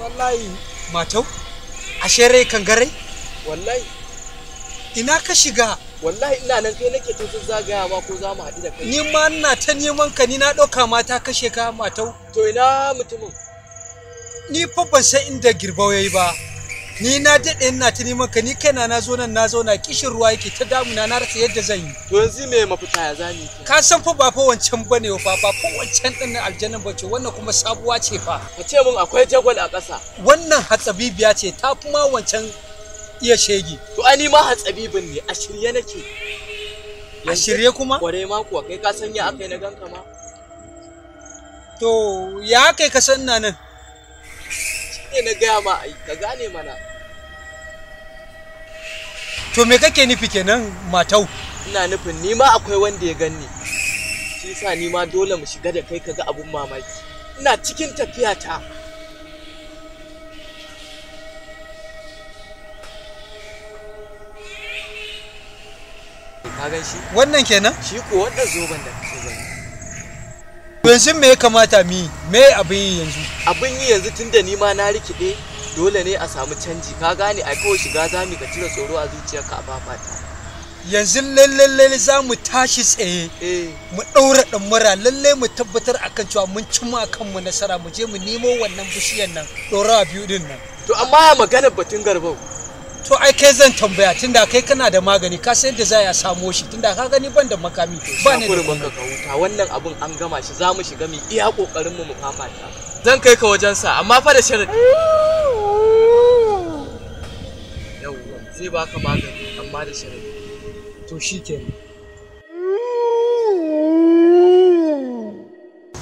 wallahi matau ashe rai kangare wallahi ina ka shiga wallahi ina nan kai nake ko za mu haɗu da kai ni ma ina ta neman ka ni na ɗauka mata kashe ka matau to ina mutumin ni fa ban san inda girbau yayi ba ni na daɗe ina ta neman ka ni kaina na zo nan na zauna kishin ruwa yake ta damuna na rasa yadda zan yi to yanzu me mafita ya zani ka san fa ba fa wancan bane fa ba fa wancan din aljannan ce wannan kuma sabuwa ce fa ka ce mun akwai jagwal a ƙasa wannan hatsabibiya ce ta kuma wancan iya shege to ni ma hatsabibin ne a shirye nake a shirye kuma kware ma kuwa kai ka sanya akai na ganka ma to ya kai ka san nan ne na gaya ma ai ka gane mana to me kake nufi kenan matau ina nufin ni ma akwai wanda ya ganni shi yasa ni ma dole mu shiga da kai kaga abun mamaki ina cikin tafiya ta ka gan shi wannan kenan shi ko wannan zoban da kake gani yanzu me ya kamata mi me abin yi yanzu abin yi yanzu tunda ni ma na rikide dole ne a samu canji ka gane a kawai shiga za mu ka cire tsoro a zuciyarka a fafata yanzu lallai za mu tashi tsaye eh. mu ɗaura ɗammara lallai mu tabbatar akan cewa mun cimma mu nasara mu je mu nemo wannan bishiyar nan a biyu din nan to amma magana batun garbau to ai kai zan tambaya tunda kai kana da magani ka san yadda za a samo shi tunda ka gani ban da makami ba ne da baka ka wannan abun an gama shi za mu shiga mu iya kokarin mu mu ta. zan kai ka wajen sa amma fa da sharadi yawwa zai baka magani amma da sharadi to shikenan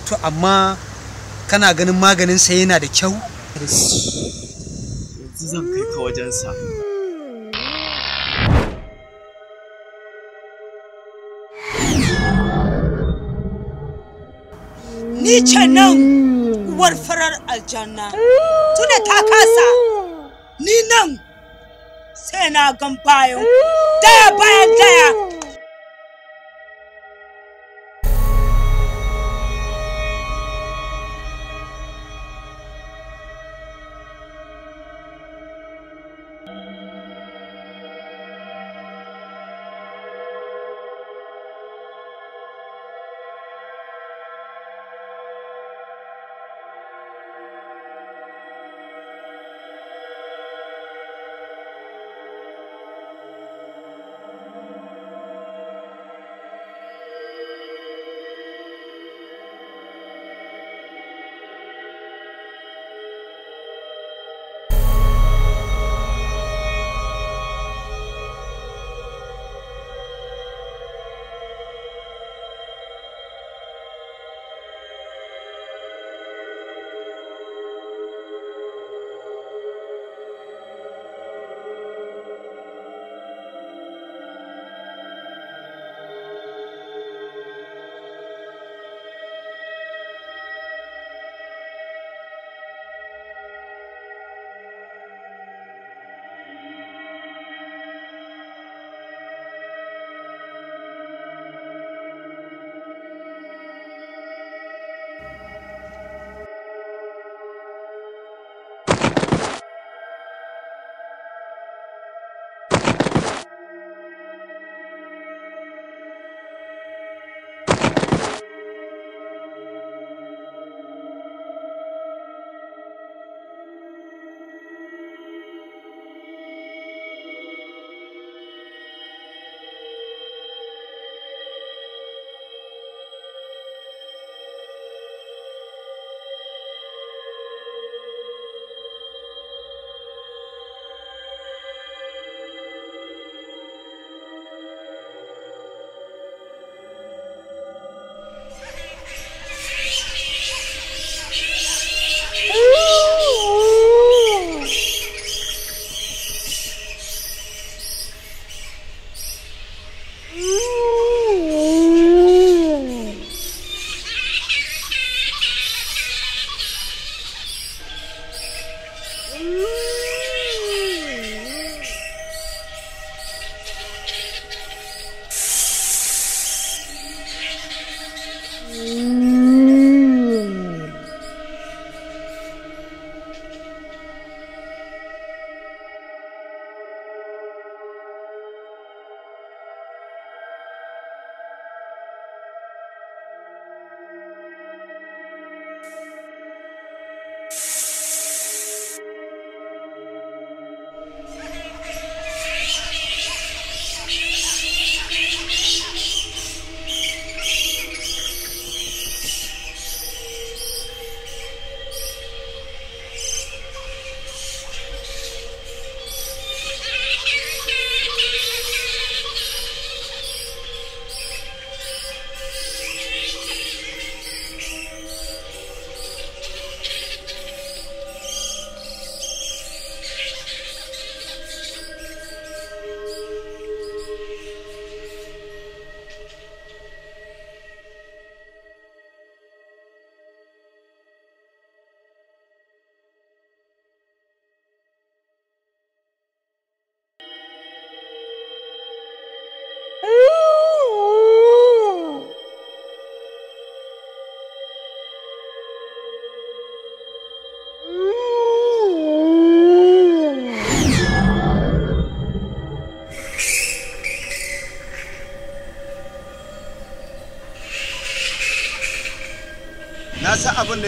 to amma kana ganin maganin sai yana da kyau yanzu zan kai ka wajen sa ni ce nan uwar farar aljanna tuna ta kasa ni nan sai na gan bayan daya bayan daya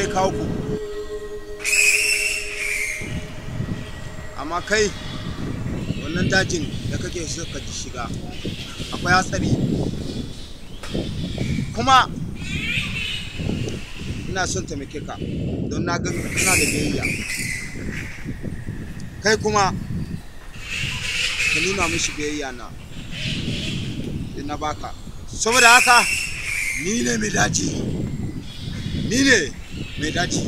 zai kawo ku amma kai wannan dajin da kake so ka ji shiga akwai hatsari kuma ina son taimake ka don na ga kana da biyayya kai kuma ka nuna mishi biyayya na da na baka saboda haka ni ne mai daji ni ne mai daci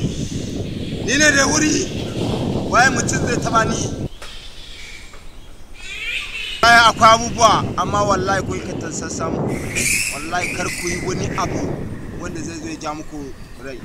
ni ne da wuri waye mutum zai taba ni baya akwai abubuwa amma wallahi kun ka sassan wallahi kar ku yi wani abu wanda zai zo ya ja muku rai